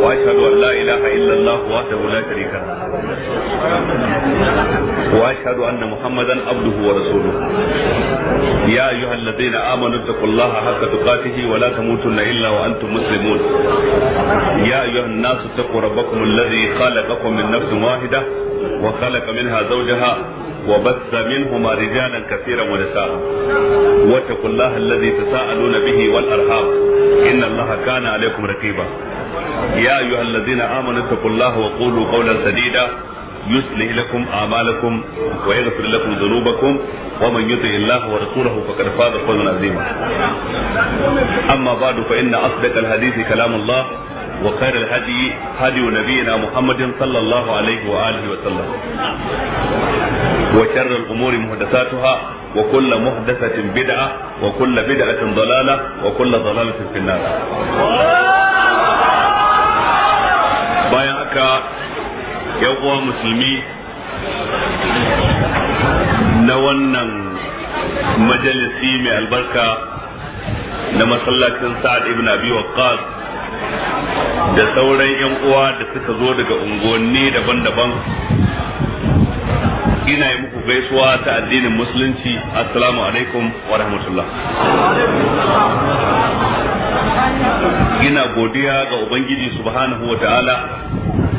واشهد ان لا اله الا الله وحده لا شريك له واشهد ان محمدا عبده ورسوله يا ايها الذين امنوا اتقوا الله حق تقاته ولا تموتن الا وانتم مسلمون يا ايها الناس اتقوا ربكم الذي خلقكم من نفس واحده وخلق منها زوجها وبث منهما رجالا كثيرا ونساء واتقوا الله الذي تساءلون به والارحام ان الله كان عليكم رقيبا يا أيها الذين آمنوا اتقوا الله وقولوا قولا سديدا يصلح لكم أعمالكم ويغفر لكم ذنوبكم ومن يطع الله ورسوله فقد فاز فوزا عظيما أما بعد فإن أصدق الحديث كلام الله وخير الهدي هدي نبينا محمد صلى الله عليه وآله وسلم وشر الأمور محدثاتها وكل محدثة بدعة وكل بدعة ضلالة وكل ضلالة في النار bayan haka yan uwa musulmi na wannan majalisi mai albarka na masallacin sa'ad ibn abi waqqas da sauran yan uwa da suka zo daga unguwanni daban-daban ina yi muku gaisuwa ta addinin musulunci assalamu alaikum wa rahmatullah ina godiya ga ubangiji subhanahu wataala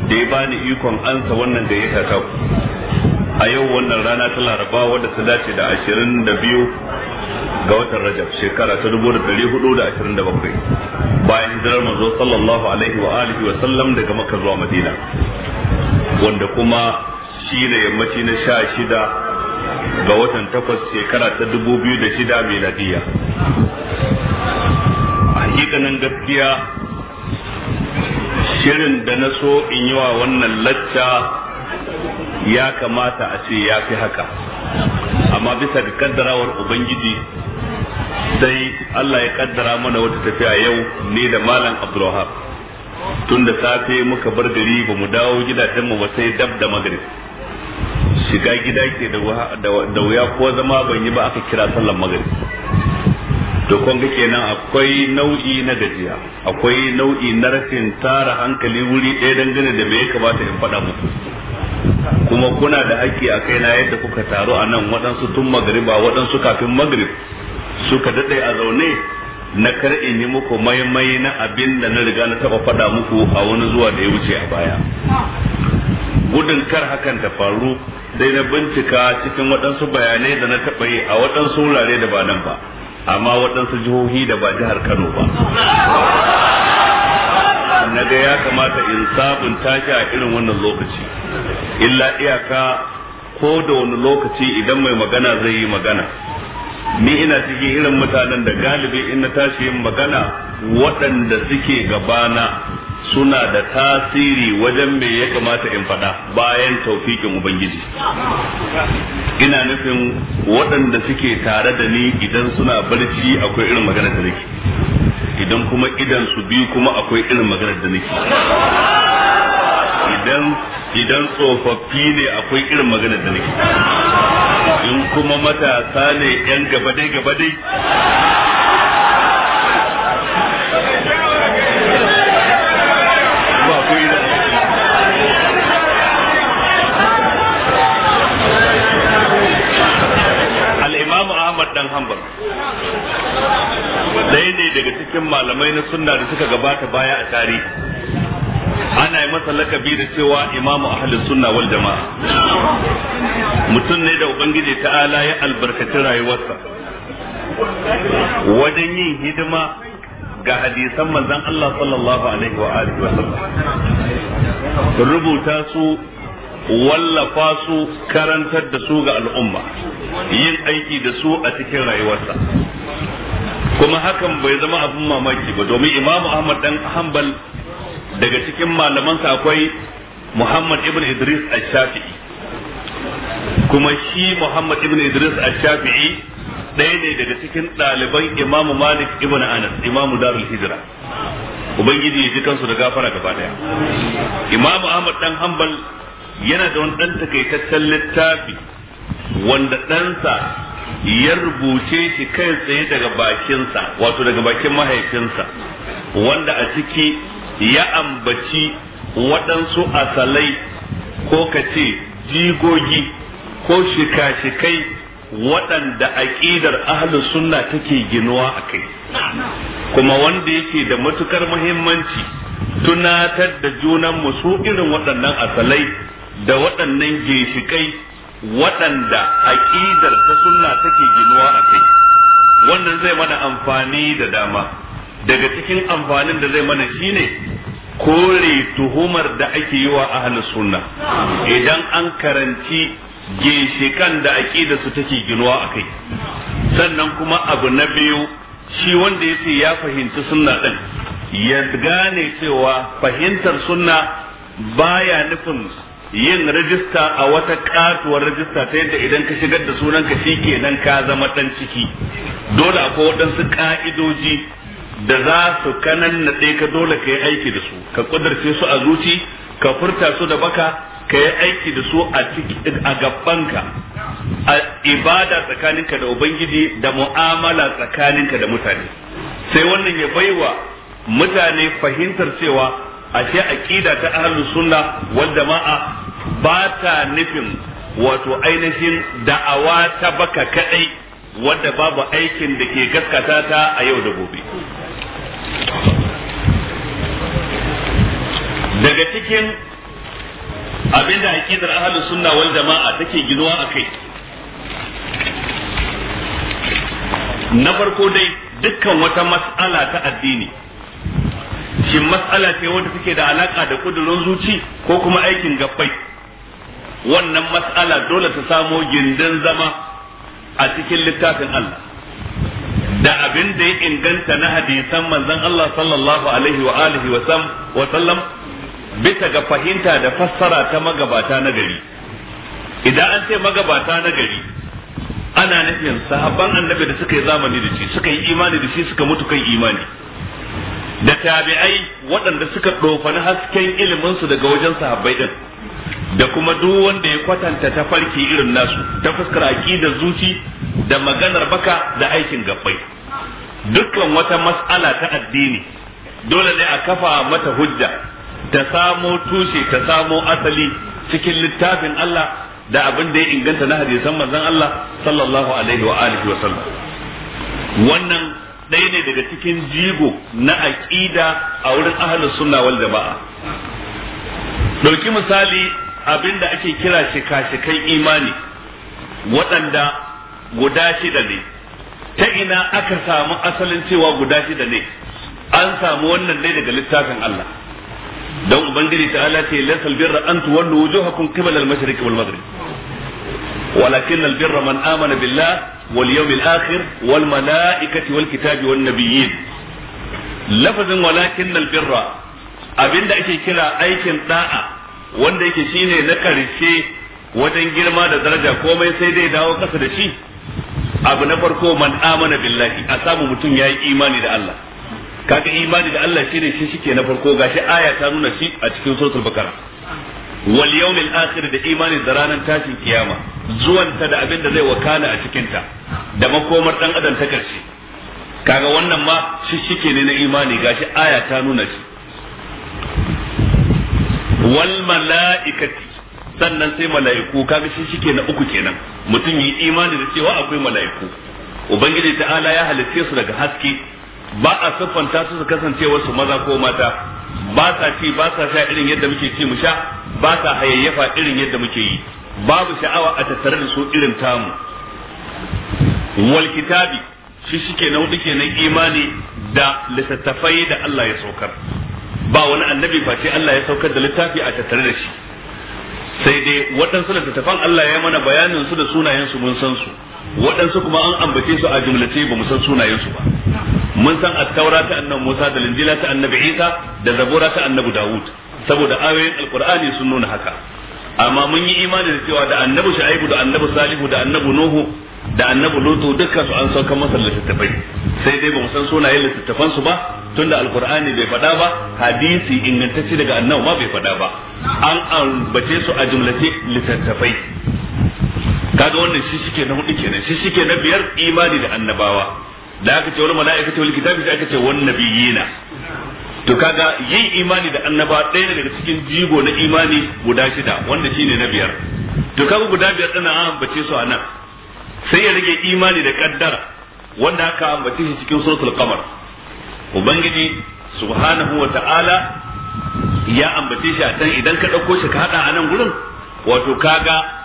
da ya bani ikon ansa wannan da ya tata a yau wannan rana ta laraba wadda ta dace da ashirin da biyu ga watan rajab shekara ta dubu da dari hudu da ashirin da bakwai bayan hijirar manzo sallallahu alaihi wa alihi wa sallam daga makka zuwa madina wanda kuma shi ne yammaci na sha shida ga watan takwas shekara ta dubu biyu da shida miladiyya hakikanin gaskiya shirin da na so in yi wa wannan lacca ya kamata a ce ya fi haka amma bisa ga kaddarawar ubangiji sai Allah ya kaddara mana wata tafiya yau ne da malam abdulwahab tun da safe muka bar gari ba mu dawo gidajenmu ba sai dab da magrib shiga gida ke da wuya ko zama ban yi ba aka kira sallan magrib to kun kenan akwai nau'i na gajiya akwai nau'i na rashin tara hankali wuri ɗaya dangane da me ya kamata in faɗa muku kuma kuna da haƙƙi a kaina yadda kuka taru a nan waɗansu tun magariba waɗansu kafin magrib suka daɗe a zaune na kar in yi muku maimai na abin da na riga na taɓa faɗa muku a wani zuwa da ya wuce a baya gudun kar hakan ta faru dai na bincika cikin waɗansu bayanai da na taɓa yi a waɗansu wurare da ba nan ba amma waɗansu jihohi da ba jihar Kano ba na ga ya kamata in sabunta shi a irin wannan lokaci illa iyaka ko da wani lokaci idan mai magana zai yi magana ni ina cikin irin mutanen da galibi in na tashi yin magana waɗanda suke gabana suna da tasiri wajen me ya kamata in faɗa bayan taufikin ubangiji ina nufin waɗanda suke tare da ni idan suna barci akwai irin magana da nake idan kuma idan su biyu kuma akwai irin magana da nake idan idan tsofaffi ne akwai irin magana da nake in kuma matasa ne yan gaba dai gaba dai Ahmad dan Hanbal ɗaya ne daga cikin malamai na sunna da suka gabata baya a tarihi ana yi masa lakabi da cewa imamu ahlus sunna wal jama'a mutum ne da ubangiji ta'ala ya albarkaci rayuwarsa wajen yin hidima ga hadisan manzan Allah sallallahu alaihi wa alihi wa sallam rubuta su wallafa su karantar da su ga al'umma yin aiki da su a cikin rayuwarsa kuma hakan bai zama abin mamaki ba domin imam ahmad dan hanbal daga cikin malamansa akwai muhammad ibn idris al-shafi'i kuma shi muhammad ibn idris al-shafi'i ɗaya ne daga cikin ɗaliban imamu malik ibn anas imamu darul hijira ubangiji ya ji kansu da gafara gaba daya imamu ahmad dan hanbal yana da wani ɗan takaitaccen littafi wanda ɗansa ya rubuce shi kai tsaye daga bakinsa wato daga bakin mahaifinsa wanda a ciki ya ambaci waɗansu asalai ko ka ce jigogi ko shika-shikai waɗanda aƙidar ahalus sunna take ginuwa a kai kuma wanda yake da matukar muhimmanci tunatar da junan musu su irin waɗannan asalai da waɗannan ginshikai waɗanda aƙidar ta sunna take ginuwa a kai wannan zai mana amfani da dama daga cikin amfanin da zai mana shine kore tuhumar da ake yi wa ahalin sunna idan an karanci ginshikan da aƙidar su take ginuwa a kai sannan kuma abu na biyu shi wanda ya ce ya fahimci sunna ɗin ya gane cewa fahimtar sunna baya nufin yin rajista a wata katuwar rajista ta yadda idan ka shigar da sunanka nan ka zama dan ciki dole akwai waɗansu ka'idoji da za su kanan na ka dole ka yi aiki da su ka ƙudurce su a zuci ka furta su da baka ka yi aiki da su a gabanka a ibada tsakaninka da ubangiji da mu'amala tsakaninka da mutane sai wannan ya baiwa mutane fahimtar cewa ashe aqida ta ahlus sunna wal jama'a ba ta nufin wato ainihin da'awa ta baka kadai wadda babu aikin da ke gaskata ta a yau da gobe daga cikin abinda aqidar ahlus sunna wal jama'a take ginuwa akai na farko dai dukkan wata mas'ala ta addini shin mas'ala ce wanda take da alaka da kudurin zuci ko kuma aikin gabbai wannan mas'ala dole ta samo gindin zama a cikin littafin Allah da abin da ya inganta na hadisan manzon Allah sallallahu alaihi wa alihi wa wa sallam bisa ga fahimta da fassara ta magabata na gari idan an ce magabata na gari ana nufin sahabban annabi da suka yi zamani da shi suka yi imani da shi suka mutu kan imani da tabi'ai waɗanda suka ɗofani hasken iliminsu daga wajen sahabbai din da kuma duk wanda ya kwatanta ta farki irin nasu ta fuskar aqidar zuci da maganar baka da aikin gabbai dukkan wata mas'ala ta addini dole ne a kafa mata hujja ta samo tushe ta samo asali cikin littafin Allah da abin da ya inganta na hadisan manzon Allah sallallahu alaihi wa alihi wa sallam wannan ɗaya ne daga cikin jigo na aƙida a wurin ahalin suna wal jama'a ɗauki misali abinda ake kira shika-shikan imani waɗanda guda shida ne ta ina aka samu asalin cewa guda shida ne an samu wannan ne daga littafin Allah don ubangiji ta ala ce lasal birra an tuwallu wujuhakum qibala al-mashriqi wal maghrib walakin al-birra man amana billah wal yawmil akhir wal malaikati wal kitabi wan nabiyyin lafazin walakin al birra da ake kira aikin da'a wanda yake shine na karshe wajen girma da daraja komai sai dai dawo kasa da shi abu na farko man amana billahi a samu mutum yayi imani da Allah kaga imani da Allah shine shi shike na farko gashi aya ta nuna shi a cikin suratul bakara wal yawmil akhir da imanin da ranar tashin kiyama zuwan ta da abin da zai wakana a cikin ta da makomar dan adam ta karshe kaga wannan ma shi shike ne na imani gashi aya ta nuna shi wal mala'ikati sannan sai mala'iku kaga shi shike na uku kenan mutum yi imani da cewa akwai mala'iku ubangiji ta'ala ya halitta su daga haske ba a siffanta su su kasance wasu maza ko mata ba sa ci ba sa sha irin yadda muke ci mu sha ba sa hayayyafa irin yadda muke yi babu sha'awa a tattare da su irin tamu wal kitabi shi shike na hudu kenan imani da littattafai da Allah ya saukar ba wani annabi face Allah ya saukar da littafi a tattare da shi sai dai waɗansu littattafan Allah ya mana bayanin su da sunayen su mun san su waɗansu kuma an ambace su a jumlace ba mu san sunayen su ba mun san at-taura ta annabi Musa da linjila ta annabi Isa da zabura ta annabi Dawud saboda ayoyin alkurani sun nuna haka amma mun yi imani da cewa da annabi Shu'aibu da annabi Salihu da annabi Nuhu da annabi Lutu dukkan su an sauka masa littattafai sai dai ba mu san sunayen littattafan su ba tunda alkur'ani bai faɗa ba hadisi ingantacce daga annabi ma bai faɗa ba an ambace su a jumlace littattafai kaga wannan shi shike na hudu kenan shi shike na biyar imani da annabawa da aka ce wani mala'ika ta kitabi sai aka ce wan nabiyina to kaga yin imani da annaba ɗaya ne daga cikin jigo na imani guda shida wanda shine na biyar to kaga guda biyar din an ambace su anan sai ya rage imani da kaddara wanda aka ambace shi cikin suratul qamar ubangiji subhanahu wa ta'ala ya ambace shi a idan ka ɗauko shi ka haɗa a nan gurin wato kaga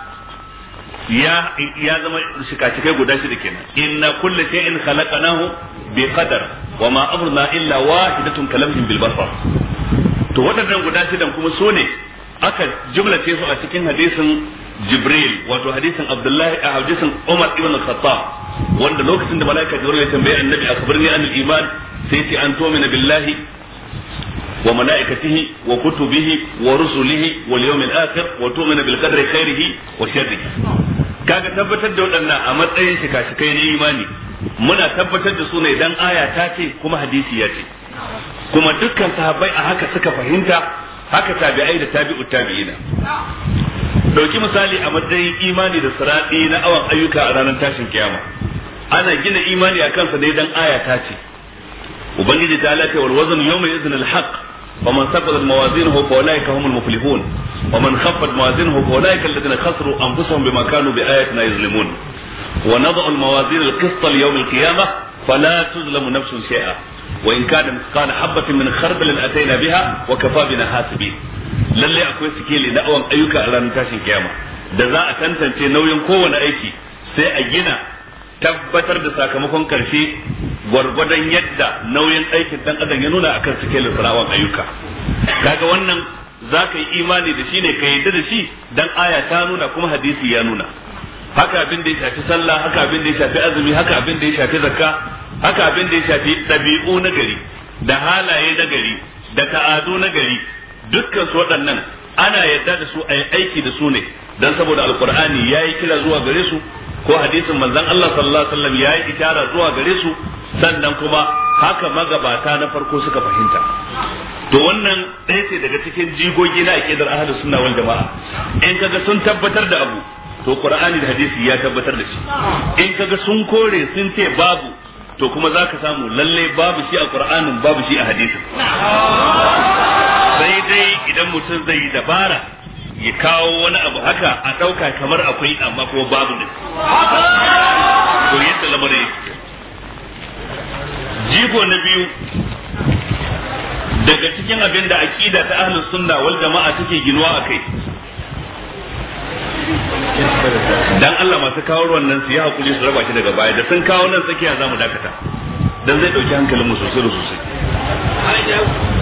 ya ya zama shikacikai guda shida kenan inna kulli shay'in khalaqnahu bi qadar wa ma amruna illa wahidatun kalamhin bil basar to waɗannan guda shidan kuma su ne aka jumlace su a cikin hadisin Jibril wato hadisin Abdullahi a hadisin Umar ibn Khattab wanda lokacin da malaika Jibril ya tambaye annabi akhbirni anil iman sai ce an tu'mina billahi wa malaikatihi wa kutubihi wa rusulihi wal yawmil akhir wa tu'minu bil qadri wa sharrihi kaga tabbatar da waɗannan a matsayin shika-shikai na imani muna tabbatar da su ne dan aya ta ce kuma hadisi ya ce kuma dukkan sahabbai a haka suka fahimta haka tabi'ai da tabi'ut tabi'ina Ɗauki misali a matsayin imani da siradi na awon ayyuka a ranar tashin kiyama ana gina imani a kansa ne dan aya ta ce ubangiji ta lafiya wal wazn yawma yadhn al ومن ثقلت موازينه فاولئك هم المفلحون ومن خفت موازينه فاولئك الذين خسروا انفسهم بما كانوا باياتنا يظلمون ونضع الموازين القسط ليوم القيامه فلا تظلم نفس شيئا وان كان مثقال حبه من خردل اتينا بها وكفى بنا حاسبين lalle akwai sikeli na awon ayyuka a ranar tashin kiyama da za a tantance nauyin kowane aiki sai a gina tabbatar da sakamakon karshe gwargwadon yadda nauyin aikin dan adam ya nuna akan sikelin sana'an ayyuka kaga wannan za ka yi imani da shi ne ka yi da shi dan aya ta nuna kuma hadisi ya nuna haka abin da ya shafi sallah haka abin da ya shafi azumi haka abin da ya shafi zakka haka abin da ya shafi ɗabi'u na gari da halaye na gari da ta'adu na gari dukkan su waɗannan ana yadda da su a aiki da su ne dan saboda alkur'ani ya yi kira zuwa gare su ko hadisin manzon Allah sallallahu alaihi wasallam yayi ishara zuwa gare su sannan kuma haka magabata na farko suka fahimta to wannan ɗaya ce daga cikin jigogi na aqidar ahlus sunna wal jamaa in kaga sun tabbatar da abu to qur'ani da hadisi ya tabbatar da shi in kaga sun kore sun ce babu to kuma zaka samu lalle babu shi a qur'anin babu shi a hadisin sai dai idan mutum zai yi dabara ya kawo wani abu haka a ɗauka kamar akwai amma ko babu ne to yadda lamarin jigo na biyu daga cikin abin da aqida ta ahlus sunna wal jama'a take ginuwa a kai dan Allah masu kawo wannan su yi hakuri su raba shi daga baya da sun kawo nan tsakiya za mu dakata dan zai ɗauki hankalin mu sosai da sosai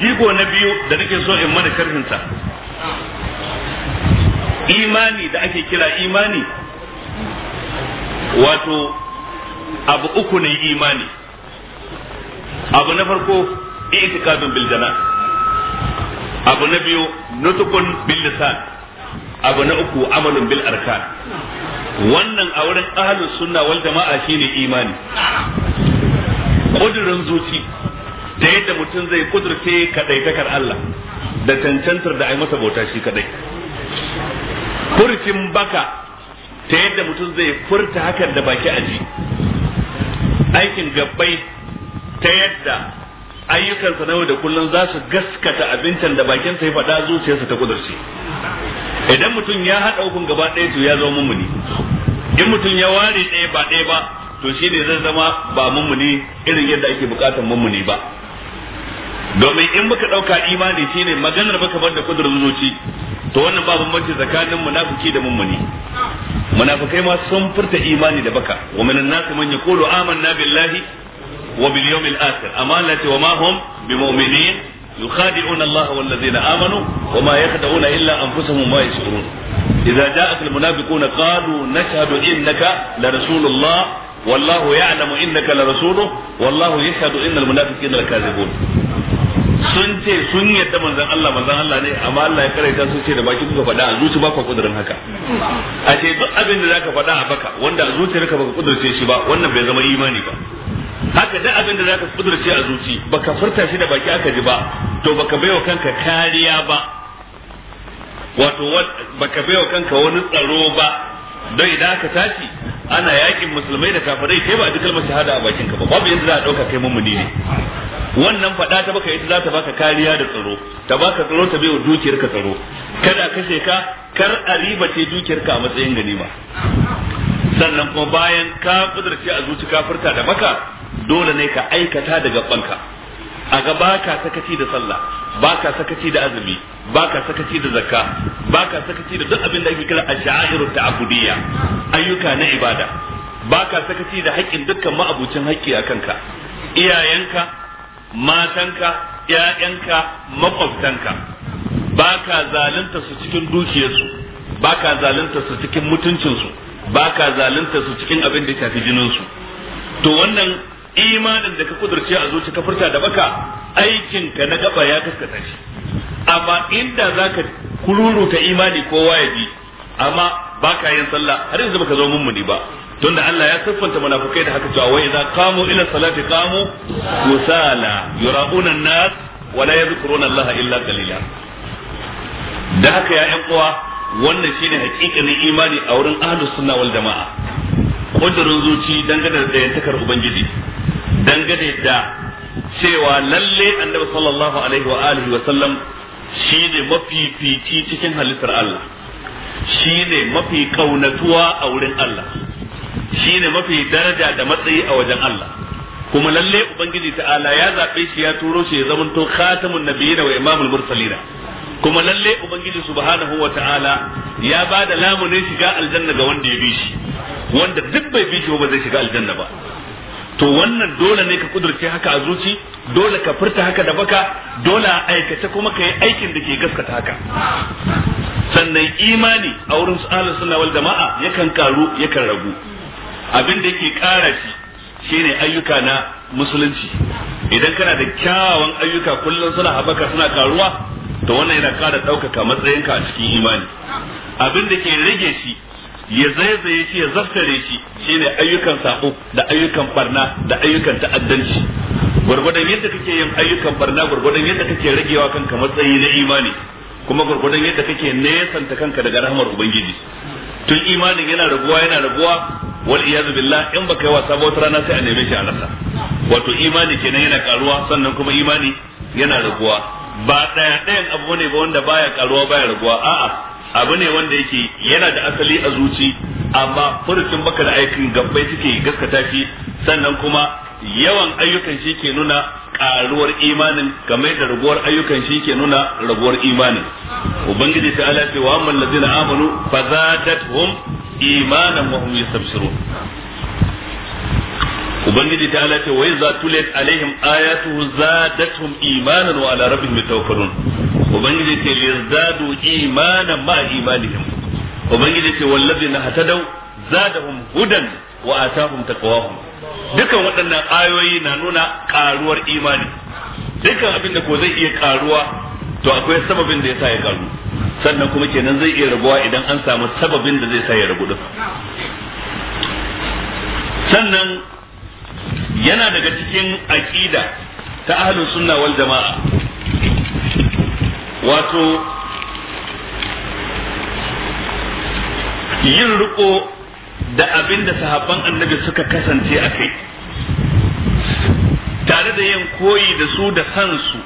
jigo na biyu da nake so in mana karfinsa imani da ake kira imani wato abu uku ne imani abu na farko itikadun bil jana abu na biyu nutukun bil lisan abu na uku amalun bil arkan wannan a wurin ahlus sunna wal jama'a shine imani kudurin zuci da yadda mutum zai kudurce takar Allah da cancantar da ai masa bauta shi kadai furcin baka ta yadda mutum zai furta hakan da baki aji aikin gabbai ta yadda ayyukansa na yau da kullum za su gaskata abincin da bakinsa ya faɗa zuciyarsa ta kudurce idan mutum ya haɗa ukun gaba ɗaya to ya zama mummuni in mutum ya ware ɗaya ba ɗaya ba to shi ne zai zama ba mummuni irin yadda ake bukatar mummuni ba domin in muka dauka imani shine maganar baka bar da kudurin zuci to wannan ba bambanci tsakanin munafiki da mummuni munafikai ma sun furta imani da baka wa minan nas man yaqulu amanna billahi wa bil yawmil akhir amma la ta ma hum bimu'minin yukhadi'una Allah wal ladzina amanu wa ma yakhda'una illa anfusahum ma yashurun idza ja'aka al munafiquna qalu nashhadu innaka la rasulullah wallahu ya'lamu innaka la rasuluhu wallahu yashhadu innal munafiqina lakazibun sun ce sun yadda manzon Allah manzon Allah ne amma Allah ya karaita sun ce da baki kuka faɗa a zuci ba ku kudurin haka a ce duk abin da zaka faɗa a baka wanda a zuciyarka baka kudurce shi ba wannan bai zama imani ba haka duk abin da zaka kudurce a zuci baka furta shi da baki aka ji ba to baka bai wa kanka kariya ba wato baka bai wa kanka wani tsaro ba don idan aka tashi ana yakin musulmai da kafirai sai ba a ji kalmar shahada a bakinka ba babu yanda za a dauka kai mummuni ne wannan faɗa ta baka ita za ta baka kariya da tsaro ta baka tsaro ta bai wa dukiyarka tsaro kada kashe ka kar a riba ce dukiyarka a matsayin ganima sannan kuma bayan ka kudurce a zuci kafirta da baka dole ne ka aikata daga banka a gaba ka sakaci da sallah baka sakaci da azumi baka sakaci da zakka baka sakaci da duk abin da ake kira ash'airu ta'budiyya ayyuka na ibada baka sakaci da haƙƙin dukkan ma'abucin haƙƙi a kanka iyayenka matanka ƴaƴanka makwabtanka baka zalunta su cikin dukiyarsu baka zalunta su cikin mutuncinsu baka zalunta su cikin abin da ya shafi jininsu to wannan imanin da ka kudurce a zuci ka furta da baka aikin ka na gaba ya kaskata shi amma inda zaka kururuta imani kowa ya bi amma baka yin sallah har yanzu baka zo mummuni ba tunda Allah ya siffanta munafukai da haka cewa wa idza qamu ila salati qamu musala. yura'una an-nas wa la yadhkuruna Allah illa qalila da haka ya yan uwa wannan shine hakikanin imani a wurin ahlus sunna wal jama'a kudurin zuci dangane da dayantakar ubangiji dangane da cewa lalle annabi sallallahu alaihi wa alihi wa sallam shine mafifici cikin halittar Allah shine mafi kaunatuwa a wurin Allah shine mafi daraja da matsayi a wajen Allah kuma lalle ubangiji ta'ala ya zaɓe shi ya turo shi ya zamanto khatamun nabiyina wa imamul mursalina kuma lalle ubangiji subhanahu wa ta'ala ya bada lamunin shiga aljanna ga wanda ya bi shi wanda duk bai bi shi ba zai shiga aljanna ba to wannan dole ne ka kudurce haka a zuci dole ka furta haka da baka dole a aikace kuma ka yi aikin da ke gaskata haka sannan imani a wurin su'alar suna wal jama'a yakan karu yakan ragu abin da yake kara shi shine ayyuka na musulunci idan kana da kyawawan ayyuka kullum suna habaka suna karuwa to wannan yana kara ɗaukaka matsayinka a cikin imani abin da ke rage shi ya zaizaye shi ya zaftare shi shine ayyukan sako da ayyukan barna da ayyukan ta'addanci gurgudan yadda kake yin ayyukan barna gurgudan yadda kake ragewa kanka matsayi na imani kuma gurgudan yadda kake nesanta kanka daga rahmar ubangiji tun imanin yana raguwa yana raguwa wal iyazu billah in baka yi wasa wata rana sai a neme shi a rasa wato imani kenan yana karuwa sannan kuma imani yana raguwa ba daya dayan abu ne ba wanda baya karuwa baya raguwa a'a abu ne wanda yake yana da asali a zuci amma furucin baka da aikin gabbai suke gaskata shi sannan kuma yawan ayyukan shi ke nuna karuwar imanin kamar da raguwar ayyukan shi ke nuna raguwar imanin ubangiji ta ala ce wa amma ladina amanu fa zadatuhum imanan wa hum yastabshirun ubangiji ta ala ce wa iza tulet alaihim ayatuhu zadatuhum imanan wa ala rabbihim yatawakkalun ubangiji ce lizdadu imanan ma imanihim ubangiji ce na na zadahum hudan wa atahum taqwahum dukan waɗannan ayoyi na nuna karuwar imani dukan abin da ko zai iya karuwa to akwai sababin da yasa ya karu sannan kuma kenan zai iya rabuwa idan an samu sababin da zai sa ya rabu duka. sannan yana daga cikin aqida ta ahlus sunna wal jama'a wato yin riko da abin da sahabban annabi suka kasance a kai tare da yin koyi da su da kansu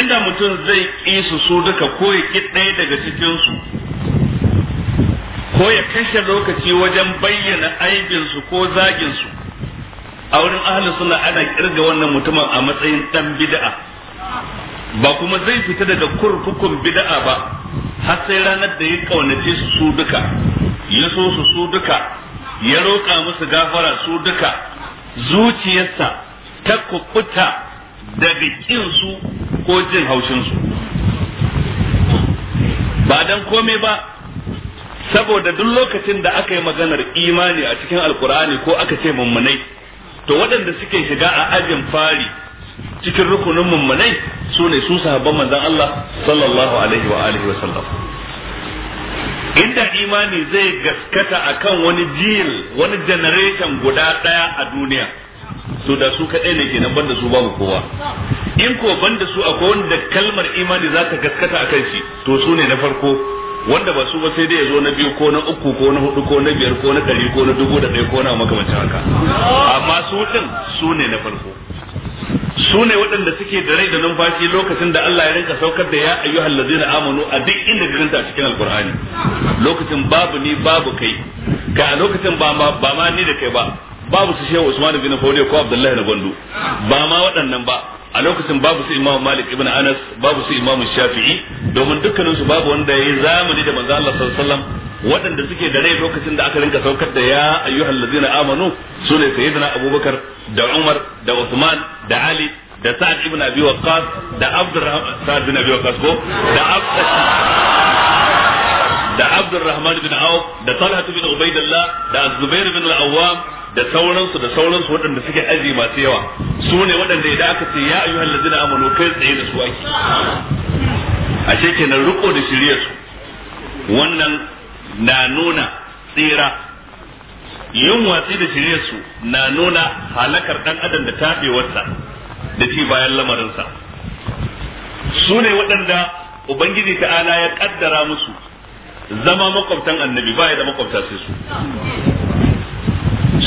inda mutum zai ƙi su duka ko ya ɗaya daga cikinsu ko ya kashe lokaci wajen bayyana aibinsu ko zaginsu a wurin ahalin suna ana kirga wannan mutumin a matsayin ɗan bid'a ba kuma zai fita daga kurkukun bid'a ba har sai ranar da ya kaunace su su duka ya so su su duka ya roƙa musu gafara su duka zuciyarsa ta kukuta daga kin su ko jin haushin su ba dan komai ba saboda duk lokacin da aka yi maganar imani a cikin alkur'ani ko aka ce mummunai to waɗanda suke shiga a ajin fari cikin rukunin mummunai su ne su sahabban manzon Allah sallallahu alaihi wa alihi wa sallam inda imani zai gaskata akan wani jil wani generation guda daya a duniya to da su kadai ne kenan banda su babu kowa in ko banda su akwai wanda kalmar imani za ta gaskata akan shi to su ne na farko wanda ba su ba sai dai ya zo na biyu ko na uku ko na hudu ko na biyar ko na dari ko na dubu da ɗaya ko na makamancin haka amma su ɗin su ne na farko su ne waɗanda suke da rai da numfashi lokacin da Allah ya rinka saukar da ya ayyuhal na amanu a duk inda ka ganta cikin alqur'ani lokacin babu ni babu kai ga a lokacin ba ma ba ma ni da kai ba babu su shehu Usman bin Fawdi ko Abdullahi na Gondo ba ma waɗannan ba a lokacin babu su Imam Malik ibn Anas babu su Imam Shafi'i domin dukkanin su babu wanda yayi zamani da manzo Allah sallallahu alaihi wasallam waɗanda suke da rai lokacin da aka rinka saukar da ya ayyuhal ladzina amanu sune sayyidina Abubakar da Umar da usman da Ali da sa'ad ibn abi waqqas da abdurrahman sa'ad ibn abi waqqas ko da da abdurrahman bin auf da talha bin ubaidillah da zubair bin al-awwam da sauransu da sauransu waɗanda suke aji masu yawa su ne waɗanda idan aka ce ya ayyuhal ladina amanu kai tsaye da su ake ce kenan riko da shirye su wannan na nuna tsira yin watsi da shirye su na nuna halakar dan adam da tabewarsa da shi bayan lamarinsa su ne waɗanda ubangiji ta'ala ya kaddara musu zama makwabtan annabi baya da makwabta sai su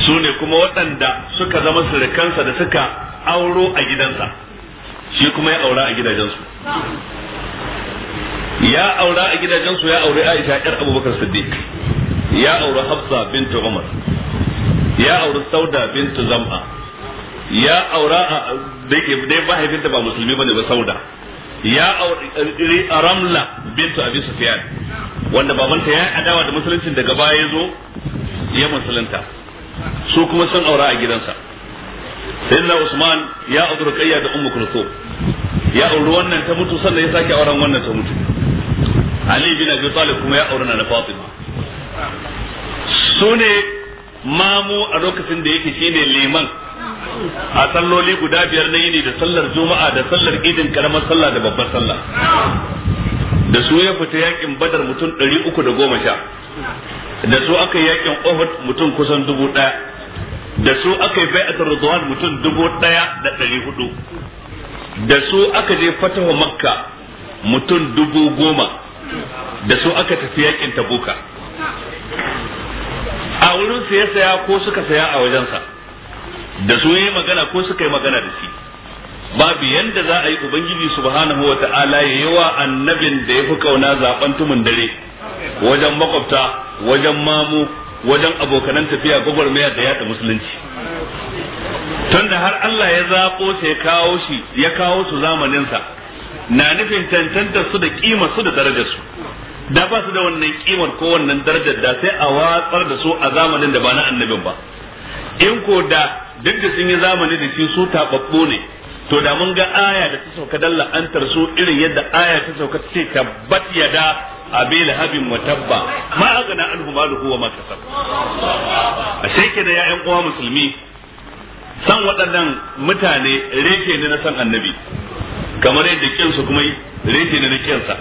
su ne kuma waɗanda suka zama surukansa da suka auro a gidansa shi kuma ya aura a gidajensu ya aura a gidajensu ya aure aisha yar abubakar siddiq ya aure hafsa bintu umar ya aure sauda bintu zam'a ya aura a dai dai ba musulmi bane ba sauda ya aramla ramla bintu abi sufyan wanda babanta ya adawa da musulunci daga baya ya zo ya musulunta su kuma sun aura a gidansa sayyidina usman ya aure kayya da ummu kulthum ya aure wannan ta mutu sannan ya sake auren wannan ta mutu ali bin abi talib kuma ya aure na fatima su ne mamu a lokacin da yake shine liman a salloli guda biyar na yini da sallar juma'a da sallar idin karamar sallah da babbar sallah da su ya fita yakin badar mutum ɗari uku da goma sha da su aka yi yakin ohud mutum kusan dubu ɗaya da su aka yi bai'atar ridwan mutum dubu ɗaya da ɗari hudu da su aka je fatawa makka mutum dubu goma da su aka tafi yakin tabuka a wurin ya saya ko suka saya a wajensa da su yi magana ko suka yi magana da shi babu yanda za a yi ubangiji subhanahu wa ta'ala ya yi wa annabin da ya fi kauna zaben tumun dare wajen makwabta wajen mamu wajen abokanan tafiya gwagwarmaya da yada musulunci tunda har Allah ya zaɓo sai kawo shi ya kawo su zamaninsa na nufin tantanta su da kima su da darajar su da ba su da wannan kimar ko wannan darajar da sai a watsar da su a zamanin da ba na annabin ba in ko da duk da sun yi zamani da shi su tababbu ne to da mun ga aya da ta sauka dalla an su irin yadda aya ta sauka ce tabbat yada abil habin wa tabba ma agana anhu maluhu wa ma kasab a sheke da yayan uwa musulmi san waɗannan mutane reke ne na san annabi kamar yadda su kuma reke ne na sa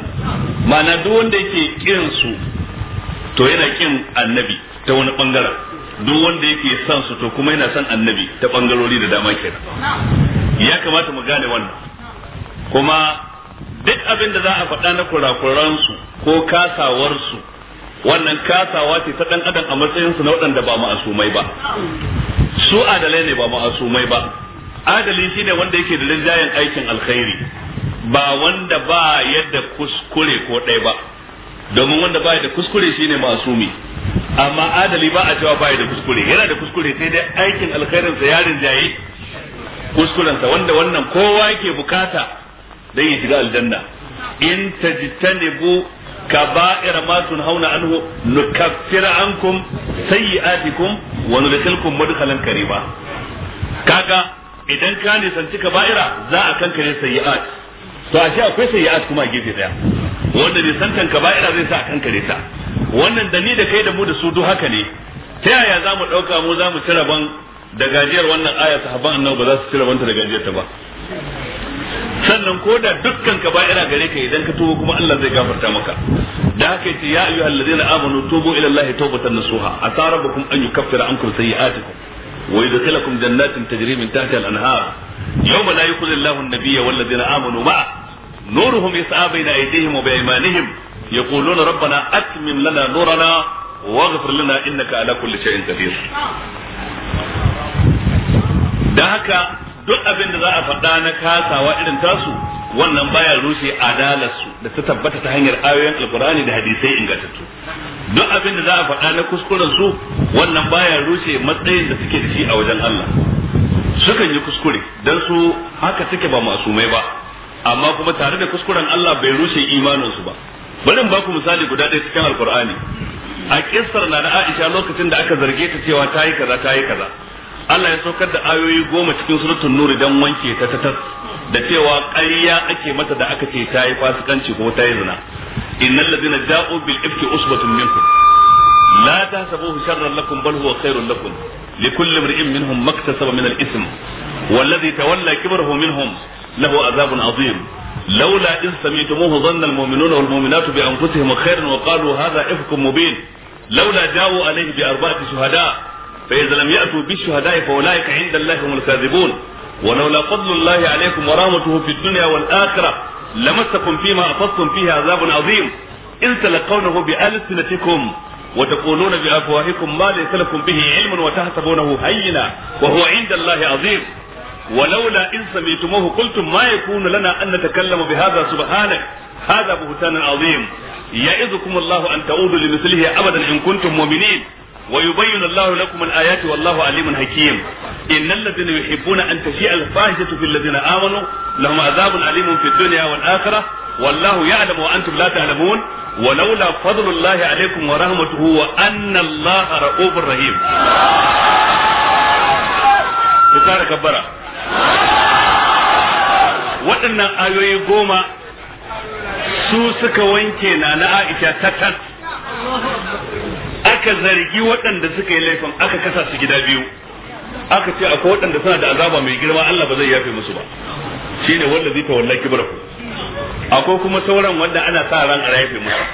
ma'ana duk wanda yake su to yana kin annabi ta wani bangaren duk wanda yake son su to kuma yana son annabi ta bangarori da dama kenan ya kamata mu gane wannan kuma duk abin da za a faɗa na kurakuransu ko kasawarsu wannan kasawa ce ta ɗan adam a matsayinsu na waɗanda ba ma'asumai ba su adalai ne ba ma'asumai ba adali shine wanda yake da rinjayen aikin alkhairi ba wanda ba yadda kuskure ko ɗaya ba domin wanda ba yadda kuskure shine masumi amma adali ba a cewa baya da kuskure yana da kuskure sai dai aikin alkhairin sa yarin jaye kuskuren sa wanda wannan kowa yake bukata dan ya shiga aljanna in tajtanibu kaba'ir ma hauna anhu nukaffir ankum sayyi'atikum wa nudkhilkum mudkhalan karima kaga idan ka nisanci kaba'ira za a kankare sayyi'at to ashe akwai sayyi'at kuma a gefe daya wanda bai san ba ba'ira zai sa a kankare ta wannan da ni da kai da mu da su duk haka ne ta yaya za mu ɗauka mu za mu ci rabon da gajiyar wannan aya sahaban annabi ba za su ci rabonta da gajiyar ta ba sannan ko da dukkan ka ba'ira gare ka idan ka tubo kuma Allah zai gafarta maka da haka yace ya ayyuhal ladzina amanu tubu ila Allahi tawbatan nasuha asa rabbukum an yukaffira ankum sayi'atikum wa yudkhilakum jannatin tajri min tahtiha al-anhar yawma la yukhzi Allahu an-nabiyya wal na amanu ma'a nuruhum يسعى بين aydihim wa يقولون ربنا rabbana لنا lana واغفر لنا lana على كل شيء قدير qadir dan haka duk abin da za a faɗa na kasawa irin tasu wannan baya rushe adalarsu da ta tabbata ta hanyar ayoyin alkurani da hadisai ingantattu duk abin da za a faɗa na kuskuren su wannan baya rushe matsayin da suke da shi a wajen Allah sukan yi kuskure dan su haka suke ba masumai ba amma kuma tare da kuskuren Allah bai rushe imaninsu ba bari in baku misali guda ɗaya cikin alkur'ani a kissar na da Aisha lokacin da aka zarge ta cewa ta yi kaza ta yi kaza Allah ya saukar da ayoyi goma cikin suratun nuri dan wanke ta ta da cewa ƙarya ake mata da aka ce ta yi fasikanci ko ta yi zina innal ladina ja'u bil ifki usbatun minkum la tahsabuhu sharran lakum bal huwa khairun lakum likulli imrin minhum maktasaba min al ism والذي تولى كبره منهم له عذاب عظيم لولا إذ سميتموه ظن المؤمنون والمؤمنات بأنفسهم خيرا وقالوا هذا إفك مبين لولا جاءوا عليه بأربعة شهداء فإذا لم يأتوا بالشهداء فأولئك عند الله هم الكاذبون ولولا فضل الله عليكم ورحمته في الدنيا والآخرة لمسكم فيما أفضتم فيه عذاب عظيم إن تلقونه بألسنتكم وتقولون بأفواهكم ما ليس لكم به علم وتحسبونه هينا وهو عند الله عظيم ولولا إن سميتموه قلتم ما يكون لنا أن نتكلم بهذا سبحانك هذا بهتان عظيم يعظكم الله أن تعودوا لمثله أبدا إن كنتم مؤمنين ويبين الله لكم الآيات والله عليم حكيم إن الذين يحبون أن تشيء الفاحشة في الذين آمنوا لهم عذاب أليم في الدنيا والآخرة والله يعلم وأنتم لا تعلمون ولولا فضل الله عليكم ورحمته وأن الله رؤوف رحيم. ku kara kabbara waɗannan ayoyi goma su suka wanke na na Aisha tatas aka zargi waɗanda suka yi laifin aka kasa su gida biyu aka ce akwai waɗanda suna da azaba mai girma Allah ba zai yafe musu ba Shi ne wanda zai tawalla kibraku akwai kuma sauran wanda ana sa ran a yafe musu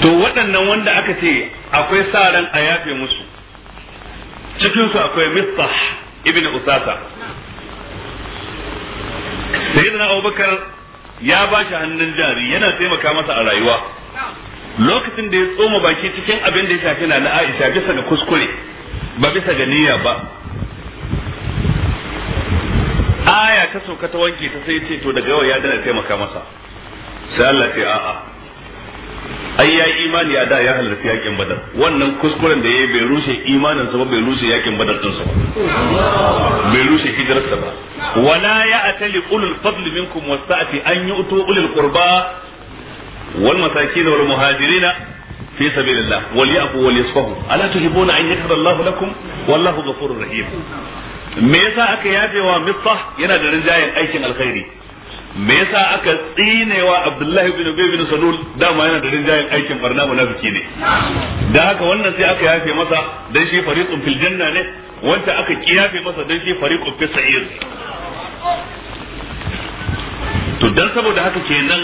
to waɗannan wanda aka ce akwai sa ran a yafe musu cikinsu akwai mistah ابن usasa سيدنا abubakar ya ba shi hannun jari yana taimaka masa a rayuwa lokacin da ya tsoma baki cikin abin da ya shafi na Aisha bisa ga kuskure ba bisa ga niyya ba aya ta sauka ta wanke ta sai ce to daga yau ya dana taimaka masa sai Allah ce a'a ai ya imani a da ya halarci yakin badar wannan kuskuren da ya bai rushe imanin sa ba bai rushe yakin badar din sa ba bai rushe hijirar sa ba wala ya atali ulul fadl minkum wasa'ati an yu'tu ulul qurba wal masakin wal muhajirin fi sabilillah wal ya'fu wal yasfahu ala tuhibuna an yaghfira Allah lakum wallahu ghafurur rahim me yasa aka yafe wa yana da rinjayen aikin alkhairi me yasa aka tsinewa Abdullahi bin Ubay bin Salul dama yana da rinjayen aikin barna munafiki ne da haka wannan sai aka yafe masa dan shi fariqun fil janna ne wanda aka kiyafe masa dan shi fariqun fis sa'ir to dan saboda haka kenan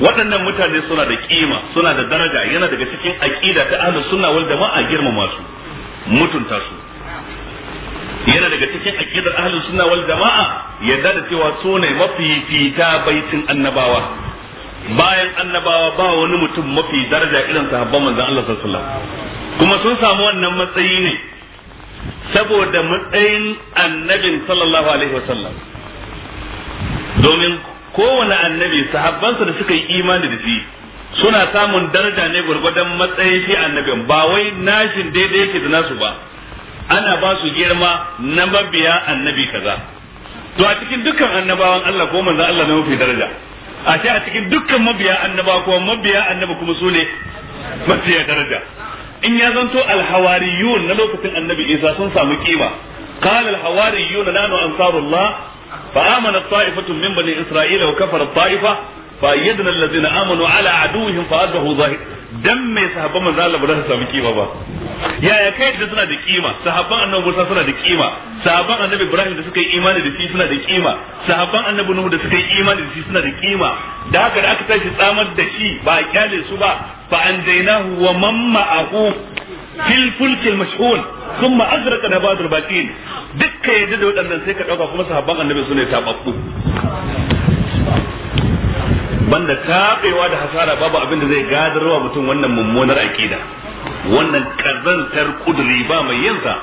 waɗannan mutane suna da kima suna da daraja yana daga cikin aqida ta ahlus sunna wal jama'a girmama su mutunta su yana daga cikin aqidar ahlus sunna wal jamaa yadda da cewa su ne mafifita baitin annabawa bayan annabawa ba wani mutum mafi daraja irin sahabban manzon Allah sallallahu alaihi wasallam kuma sun samu wannan matsayi ne saboda matsayin annabin sallallahu alaihi wasallam domin kowane annabi sahabbansa da suka yi imani da shi suna samun daraja ne gwargwadon matsayin shi annabin ba wai nashin daidai yake da nasu ba ana ba su girma na mabiya annabi kaza to a cikin dukkan annabawan Allah ko manzon Allah na mafi daraja a ce a cikin dukkan mabiya annaba ko mabiya annaba kuma su ne mafiya daraja in ya zanto alhawariyun na lokacin annabi Isa sun samu kima قال الحواريون نحن أنصار الله فآمنت طائفة من بني إسرائيل وكفرت طائفة فأيدنا الذين آمنوا على عدوهم فأصبحوا ظاهرين dan me sahabban manzo Allah ba za su samu kima ba yaya kai da suna da kima sahabban annabi Musa suna da kima sahabban annabi Ibrahim da suka yi imani da shi suna da kima sahabban annabi Nuhu da suka yi imani da shi suna da kima da haka da aka tashi tsamar da shi ba a kyale su ba fa anjaynahu wa man ma'ahu fil fulki al-mashhun thumma aghraqna ba'd al-baqin dukkan yadda da waɗannan sai ka dauka kuma sahabban annabi sune tababbu banda taɓewa da hasara babu abin da zai gadarwa mutum wannan mummunar aqida wannan kazantar kuduri ba mai yinsa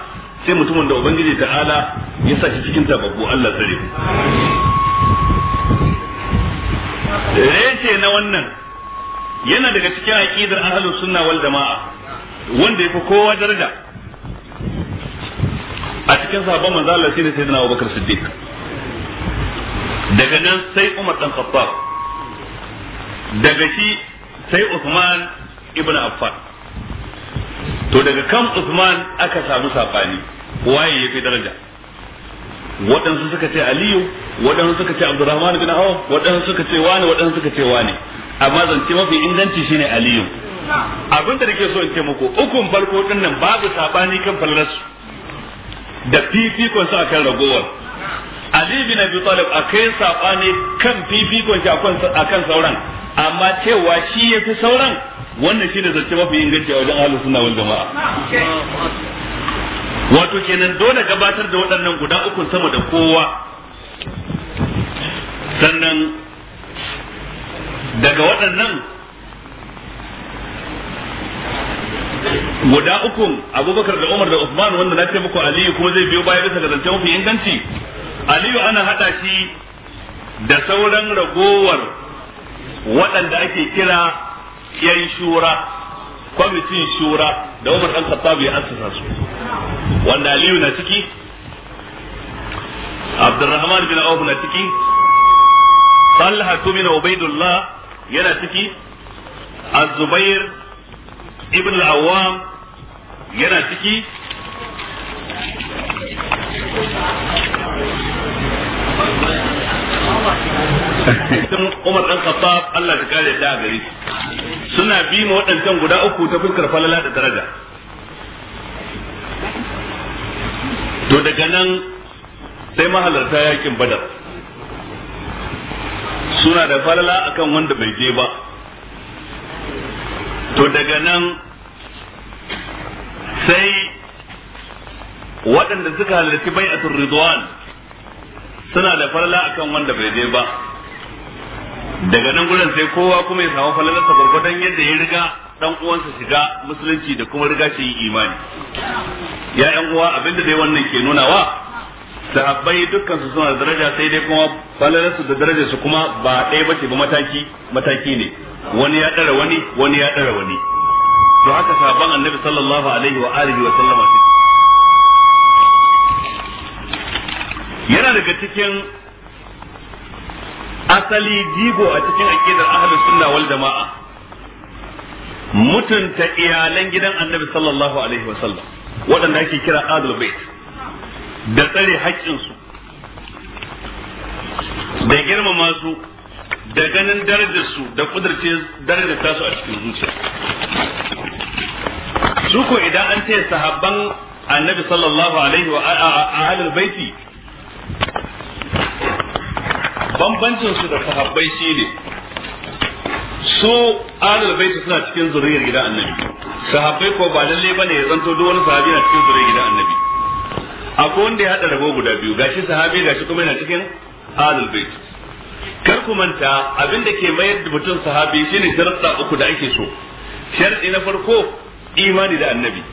sai mutumin da ubangiji ta'ala ya sa shi cikin tababbu Allah tsare rece na wannan yana daga cikin aqidar ahlus sunna wal jamaa wanda yafi kowa daraja a cikin Sabo manzo Allah da sayyidina Abubakar Siddiq daga nan sai Umar dan Khattab daga shi sai Usman ibn Affan to daga kan Usman aka samu sabani waye yafi daraja waɗansu suka ce Aliyu waɗansu suka ce Abdurrahman bin Awf waɗansu suka ce wani waɗansu suka ce wani amma zance mafi inganci shine Aliyu abin da nake so in ce muku ukun farko din nan babu sabani kan fallarsu da fifikon su akan ragowar Ali bin Abi Talib akai sabani kan fifikon shi akan sauran amma cewa shi ya fi sauran wannan shi ne zance mafi inganci a wajen ahlus suna wani jama'a wato kenan dole gabatar da waɗannan guda uku sama da kowa sannan daga waɗannan guda uku abubakar da umar da usman wanda na ce muku aliyu kuma zai biyo baya bisa ga zance mafi inganci aliyu ana hada shi da sauran ragowar waɗanda ake kira yan shura kwamitin shura da Umar dan Khattab ya assasa su wanda Aliyu na ciki Abdurrahman bin Auf na ciki Talha bin Ubaidullah yana ciki Az-Zubair ibn al-Awwam yana ciki sun Umar dan Khattab Allah ta kare da gari suna bi ma waɗancan guda uku ta fuskar falala da daraja to daga nan sai mahalarta yakin Badar suna da falala akan wanda bai je ba to daga nan sai waɗanda suka halarci bai'atul ridwan suna da falala akan wanda bai je ba daga nan gudan sai kowa kuma ya samu falalarsa gwargwadon yadda ya riga dan uwansa shiga musulunci da kuma riga shi imani ya yan uwa abinda dai wannan ke nuna wa sahabbai dukkan su suna da daraja sai dai kuma falalarsu da daraja su kuma ba ɗaya bace ba mataki mataki ne wani ya dara wani wani ya dara wani to haka sahabban annabi sallallahu alaihi wa alihi wa sallama yana daga cikin asali jigo a cikin aqidar ahlus sunna wal jama'a mutunta iyalan gidan annabi sallallahu alaihi wa sallam waɗanda ake kira adul bait da tsare su. da girmama su da ganin darajar su da kudurce darajar su a cikin zuciya su ko idan an ce sahabban annabi sallallahu alaihi wa ahlul baiti bambancin su da sahabbai shine su ahlul baiti suna cikin zuriyar gidan annabi sahabbai ko ba lalle bane ya zanto duk wani sahabi na cikin zuriyar gidan annabi akwai wanda ya hada rabo guda biyu gashi sahabi gashi kuma yana cikin ahlul baiti kar ku manta abin da ke mayar da mutum sahabi shine sharuɗa uku da ake so sharadi na farko imani da annabi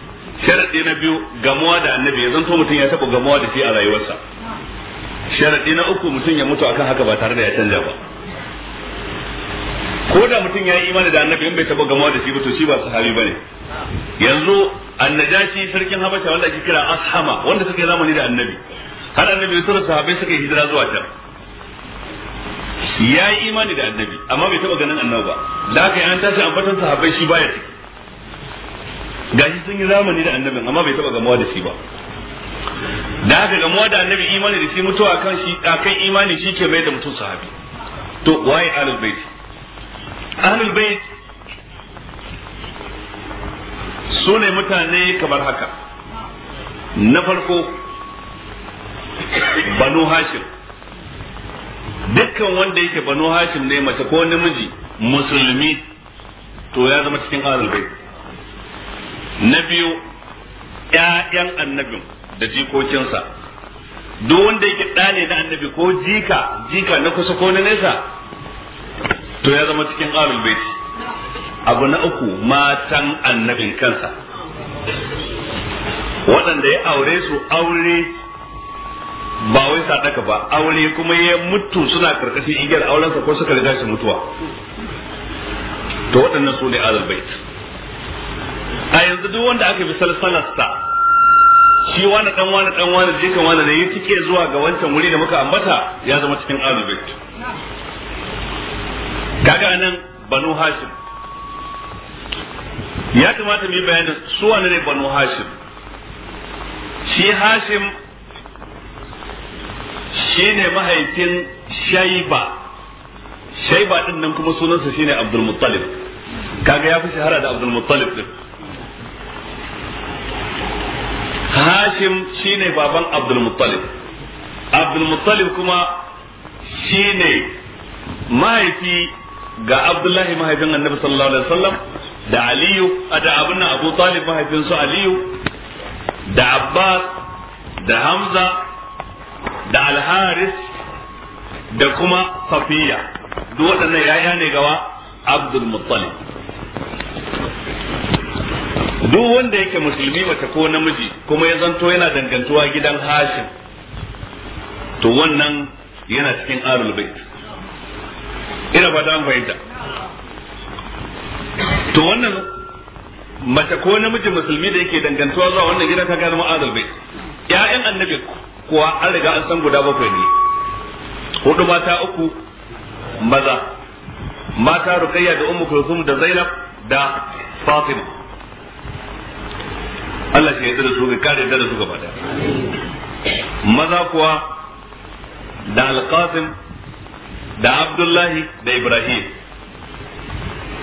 sharadi na biyu gamuwa da annabi ya zanto mutum ya taɓa gamuwa da shi a rayuwarsa sharadi na uku mutum ya mutu akan haka ba tare da ya canja ba ko da mutum ya yi imani da annabi in bai taba gamawa da shi ba to shi ba sahabi bane yanzu annajashi sarkin habasha wanda ake kira ashama wanda suke zamani da annabi har annabi ya tura sahabai suka yi hijira zuwa can ya yi imani da annabi amma bai taba ganin annabi ba da haka yan tashi ambatan sahabai shi baya ciki gashi sun yi zamani da annabin amma bai taba gamawa da shi ba da haka ga da annabi imani da shi mutuwa kan shi akan imani shi ke mai da mutum sahabi to waye ahlul bait ahlul bait su ne mutane kamar haka na farko banu hashim dukkan wanda yake banu hashim ne mace ko namiji musulmi to ya zama cikin ahlul bait na biyu ƴaƴan annabin da jikokinsa duk wanda yake dane ne na annabi ko jika jika na kusa ko na nesa to ya zama cikin alul baiti abu na uku matan annabin kansa waɗanda ya aure su aure ba wai sadaka ba aure kuma ya mutu suna karkashin igiyar aurensa ko suka riga shi mutuwa to waɗannan su ne alul bait a yanzu duk wanda aka bi salsalarsa shi wani dan wani dan wani jikan wani da yi suke zuwa ga wancan wuri da muka ambata ya zama cikin alubait kaga nan banu hashim ya kamata mu yi bayanin su wani ne banu hashim shi hashim shi ne mahaifin shaiba shaiba din nan kuma sunansa shine muttalib kaga ya fi shahara da muttalib din hashim shine baban abdul muttalib abdul muttalib kuma shine mahaifi ga abdullahi mahaifin annabi sallallahu alaihi wasallam da aliyu da abin abu talib mahaifin su aliyu da abbas da hamza da alharis da kuma safiya duk waɗannan yaya ne gawa abdul muttalib duk wanda yake musulmi mace ko namiji kuma ya zanto yana dangantuwa gidan hashim to wannan yana cikin arul bait ina fata dan fahimta to wannan mace ko namiji musulmi da yake dangantuwa zuwa wannan gidan ta gano arul bait ƴaƴan annabi kuwa an riga an san guda bakwai ne hudu mata uku maza mata rukayya da ummu kulthum da zainab da fatima Allah shi yadda da su ga kare da su gaba daya maza kuwa da alƙasim da abdullahi da ibrahim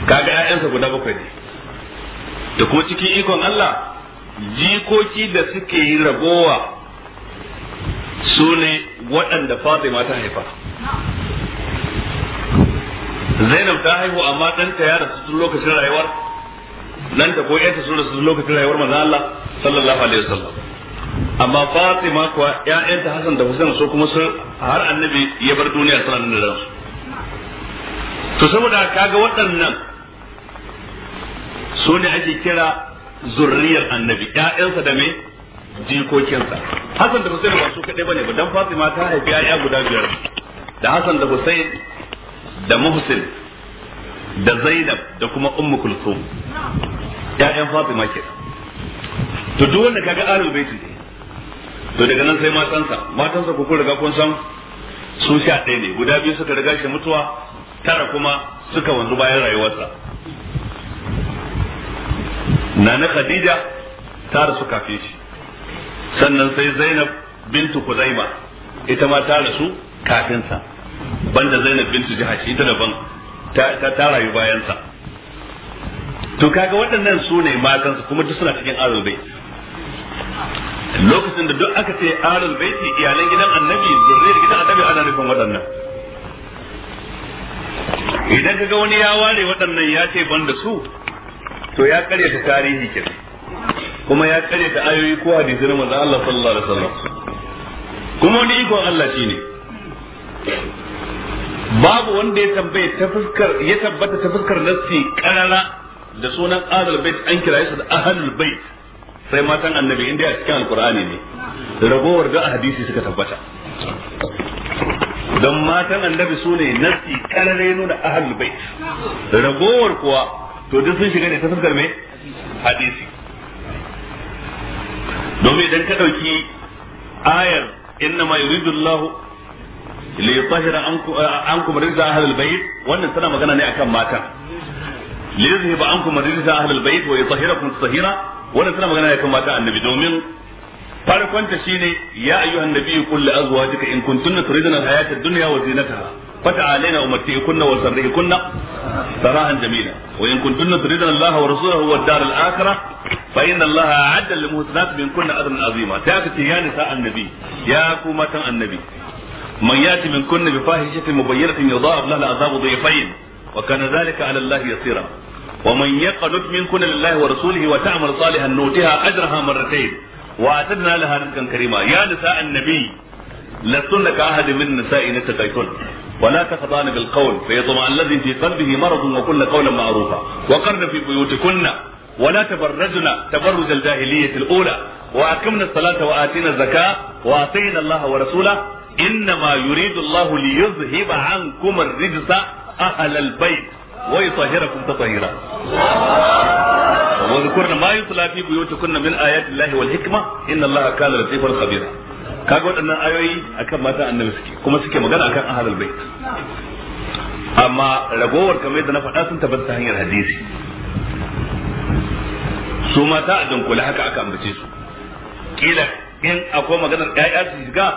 kaga 'ya'yansa guda bakwai ne da ko cikin ikon Allah jikoki da suke yi ragowa su ne waɗanda fatima ta haifa zainab ta haihu amma ɗanta ya rasu tun lokacin rayuwar nan da ko yanta sura su lokacin rayuwar manzon Allah sallallahu alaihi wasallam amma Fatima kuwa ƴaƴanta Hassan da Hussein so kuma sun har annabi ya bar duniya sallallahu alaihi wasallam to saboda kaga waɗannan su ne ake kira zurriyar annabi ƴaƴansa da me jikokinsa Hassan da Hussein ba su kaɗai bane ba dan Fatima ta haifi ƴaƴa guda biyar da Hassan da Hussein da Muhsin da Zainab da kuma Ummu Kulthum ƴaƴan Fatima kenan to duk wanda kaga alul baiti ne to daga nan sai matansa matansa ku kun riga kun san su sha ɗaya ne guda biyu suka riga shi mutuwa tara kuma suka wanzu bayan rayuwarsa nana khadija ta rasu kafin shi sannan sai zainab bintu kuzaima ita ma ta rasu kafin sa banda zainab bintu jahashi ita daban ta ta rayu bayan sa to kaga waɗannan su ne matansu kuma duk suna cikin arul bai lokacin da duk aka ce bai ce iyalan gidan annabi zurriyar gidan annabi ana nufin waɗannan idan kaga wani ya ware waɗannan ya ce ban da su to ya kare ta tarihi ke kuma ya kare ta ayoyi ko hadisi na manzon Allah sallallahu alaihi wasallam kuma wani iko Allah shine babu wanda ya tambaye ta fuskar ya tabbata ta fuskar nassi karara da sunan ahlul bait an kira shi da ahlul bait sai matan annabi inda a cikin alqur'ani ne ragowar da hadisi suka tabbata don matan annabi su ne nasi karare nuna ahlul bait ragowar kuwa to duk sun shiga ne ta fuskar mai hadisi domin idan ka dauki ayar inna ma yuridu Allah li yutahhira ankum rizqa ahlul bait wannan tana magana ne akan matan li yuzhiba ankum rijsa ahlul bait wa yutahhirakum tahira wannan tana magana ne kan mata annabi domin farkon ta shine ya ayyuhan nabiyyu qul li azwajika in kuntunna turidna al-hayata ad-dunya wa zinataha فتعالينا أمتئكن وسرئكن سراحا جميلا وإن كنتن تريدن الله ورسوله والدار الآخرة فإن الله أعد للمحسنات منكن أجرا عظيما تأتي يا نساء النبي يا كومة النبي من يأتي منكن بفاحشة مبينة يضاعف لها العذاب ضيفين وكان ذلك على الله يسيرا ومن يقنت منكن لله ورسوله وتعمل صالحا نؤتها اجرها مرتين واعتدنا لها رزقا كريما يا نساء النبي لستن كأحد من النساء إن ولا تخضعن بالقول فيطمع الذي في قلبه مرض وكن قولا معروفا وقرن في بيوتكن ولا تبرجن تبرج الجاهلية الأولى وأقمنا الصلاة وآتينا الزكاة واتينا الله ورسوله إنما يريد الله ليذهب عنكم الرجس أهل البيت wa yutahhirakum tatahira wa zkurna ma yutla fi buyutikunna min ayati llahi wal hikma inna allaha kana latifan khabira kaga waɗannan ayoyi akan mata annabi suke kuma suke magana akan ahlul amma ragowar kamar yadda na faɗa sun tabbata hanyar hadisi su mata a dunkule haka aka ambace su kila in akwai maganar ƴaƴa su shiga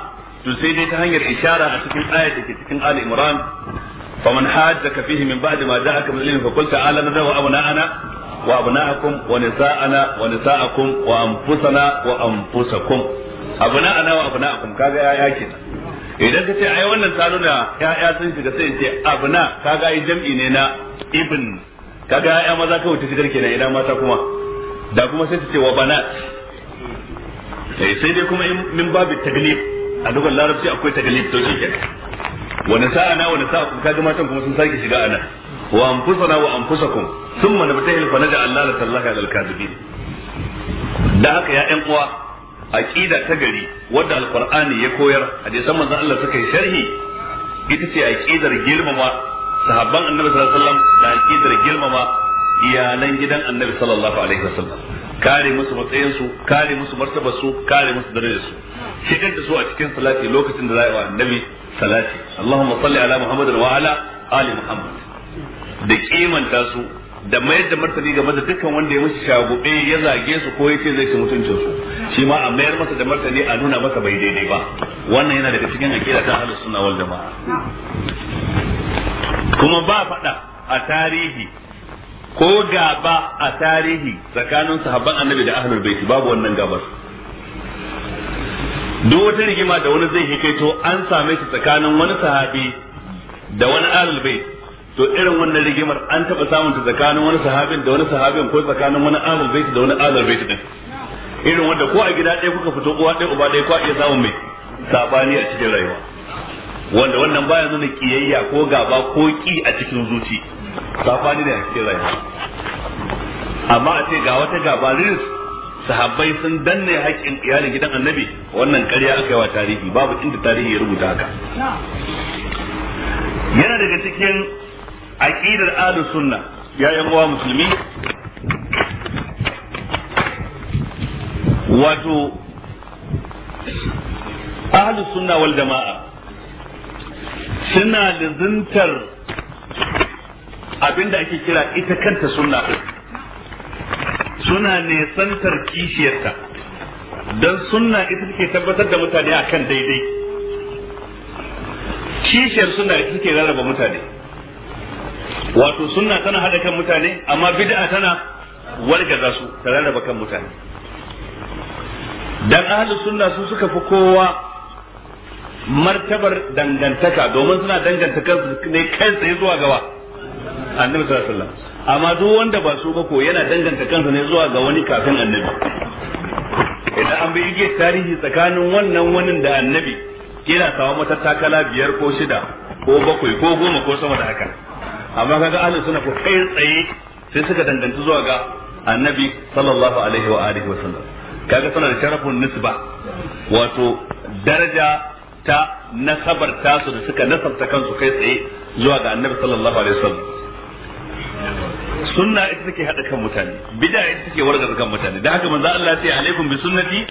to sai dai ta hanyar ishara a cikin ayat da ke cikin Ali Imran فمن حاجك فيه min بعد ما جاءك min العلم فقل تعالى ta'ala nadaw abna'ana wa ونساءكم wa nisa'ana wa nisa'akum wa يا wa wa kaga idan ka ce ai wannan ta nuna yaya sun shiga sai ce abna kaga ai jam'i ne na ibn kaga yaya maza kawai ta shigar kenan idan mata kuma da kuma sai ta ce wa banat sai dai kuma in min babu taglib a dukkan larabci akwai taglib to shi kenan wa nasa'ana wa nasa'akum kaga matan kuma sun sake shiga ana wa anfusana wa anfusakum thumma nabtahil fa naj'al Allah tallaha al kadibin da haka ya ɗan uwa aqida ta gari wadda alqur'ani ya koyar hadisan manzon Allah suka yi sharhi ita ce aqidar girmama sahabban annabi sallallahu alaihi wasallam da aqidar girmama iyalan gidan annabi sallallahu alaihi wasallam kare musu matsayinsu kare musu martabarsu kare musu darajarsu shigar da su a cikin salati lokacin da za a yi wa annabi salati Allahumma salli ala Muhammad wa ala ali Muhammad da kimanta su da mayar da martani game da dukkan wanda ya shago shagube ya zage su ko yace zai ci mutuncin su shi ma a mayar masa da martani a nuna masa bai daidai ba wannan yana daga cikin akida ta ahlus sunna wal jamaa kuma ba fada a tarihi ko gaba a tarihi tsakanin sahabban annabi da ahlul baiti babu wannan gabar duk wata rigima da wani zai hikaito an same shi tsakanin wani sahabi da wani alul to irin wannan rigimar an taɓa samun ta tsakanin wani sahabin da wani sahabin ko tsakanin wani alul da wani alul bait din irin wanda ko a gida ɗaya kuka fito uwa ɗaya uba ɗaya ko a iya samun mai sabani a cikin rayuwa wanda wannan baya nuna kiyayya ko gaba ko ki a cikin zuci sabani ne a cikin rayuwa amma a ce ga wata gaba risk sahabbai sun danne haƙƙin iyalin gidan annabi wannan ƙarya aka yi wa tarihi babu inda tarihi ya rubuta haka yana daga cikin aqidar ahlus sunna ya yan uwa musulmi wato ahlus sunna wal jama'a suna lizintar abinda ake kira ita kanta sunna suna nesantar kishiyarta don sunna ita take tabbatar da mutane akan daidai kishiyar sunna ita take rarraba mutane wato sunna tana hada kan mutane amma bid'a tana wargaza su ta rarraba kan mutane dan ahli sunna su suka fi kowa martabar dangantaka domin suna danganta kansu ne kai tsaye zuwa gawa annabi sallallahu alaihi wasallam amma duk wanda ba su ba ko yana danganta kansa ne zuwa ga wani kafin annabi idan an bi igiyar tarihi tsakanin wannan wani da annabi yana kawo mata takala biyar ko shida ko bakwai ko goma ko sama da haka amma kaga ahlus sunna ko kai tsaye sai suka danganta zuwa ga annabi sallallahu alaihi wa alihi wasallam kaga suna da sharafin nisba wato daraja ta nasabar tasu da suka nasabta kansu kai tsaye zuwa ga annabi sallallahu alaihi wasallam sunna ita take hada kan mutane bid'a ita take wargaza kan mutane da haka manzo Allah ya ce alaikum bi sunnati